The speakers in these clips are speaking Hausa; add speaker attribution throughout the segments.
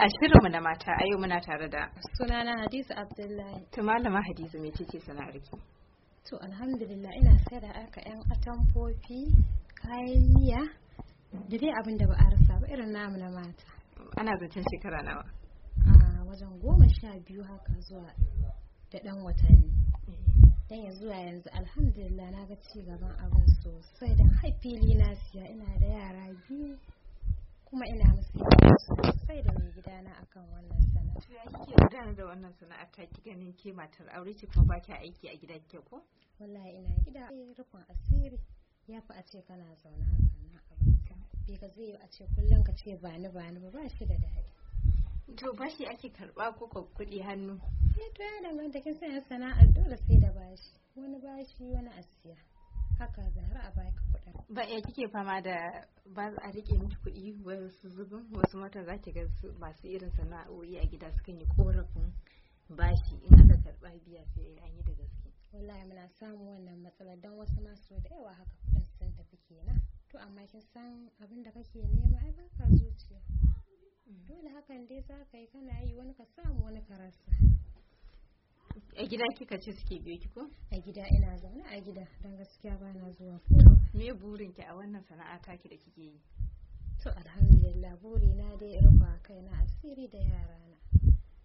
Speaker 1: A shirinmu na mata a yau muna tare da
Speaker 2: sunana hadisu Abdullahi.
Speaker 1: To malama Hadiza me kike sana'ar riki
Speaker 2: To alhamdulillah ina sai da aka yan atamfofi, kayayya da dai abin da ba a rasa ba irin namu na mata. Ana zancen shekara nawa? A wajen goma sha biyu haka zuwa da ɗan watanni. Dan ya zuwa yanzu alhamdulillah na ga ci gaban abin sosai don haifili na siya ina da yara biyu kuma ina musu gudana akan wannan sana'a to ya kike gudanar da wannan sana'a ta ki
Speaker 1: ganin ke matar aure ce kuma baki aiki a gida kike ko
Speaker 2: wallahi ina gida eh, rufin asiri ya fi a ce kana zaune haka na abinka bai ka zai a ce kullum ka ce bani bani ba ba shi da daɗi to bashi ake karɓa ko ka kuɗi hannu eh to ya danganta kin sanya sana'ar dole sai da bashi wani bashi wani asiya haka ba ya eh,
Speaker 1: kike fama da ba a rike miki kuɗi wasu zubin wasu mata za ki ga masu irin sana'o'i a gida sukan yi korafin bashi in aka karɓa biya sai an yi da
Speaker 2: gaske wallahi muna samun wannan matsala don wasu masu da yawa haka kuɗin sun tafi kenan to amma kin san abin da kake nema ai ka zuciya dole hakan dai za ka yi kana yi wani ka samu wani ka rasa a gida kika ce suke biyo ki ko a gida ina zaune a gida don gaskiya ba na zuwa ko me burin ki a wannan sana'a taki da kike yi to alhamdulillah buri na dai rufa kaina asiri da yarana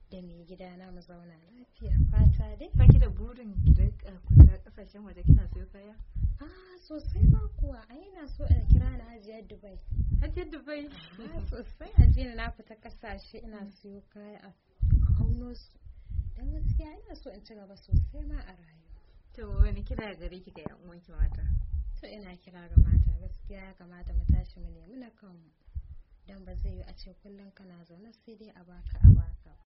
Speaker 2: da mai gidana mu zauna lafiya fata dai ki da burin ki rika kuta kasashen waje kina sayo kaya ah sosai ba kuwa ai na so a kira na hajiyar dubai hajiyar dubai ah sosai hajiyar na fita kasashe ina siyo kaya a auno su dan gaskiya ina so in ci gaba sosai ma a rayuwa to wani kira gare ki ga yan uwanki mata to ina kira ga mata gaskiya ya kamata mu tashi mu nemi na kanmu don ba zai yi a ce kullum kana zaune sai dai a baka a baka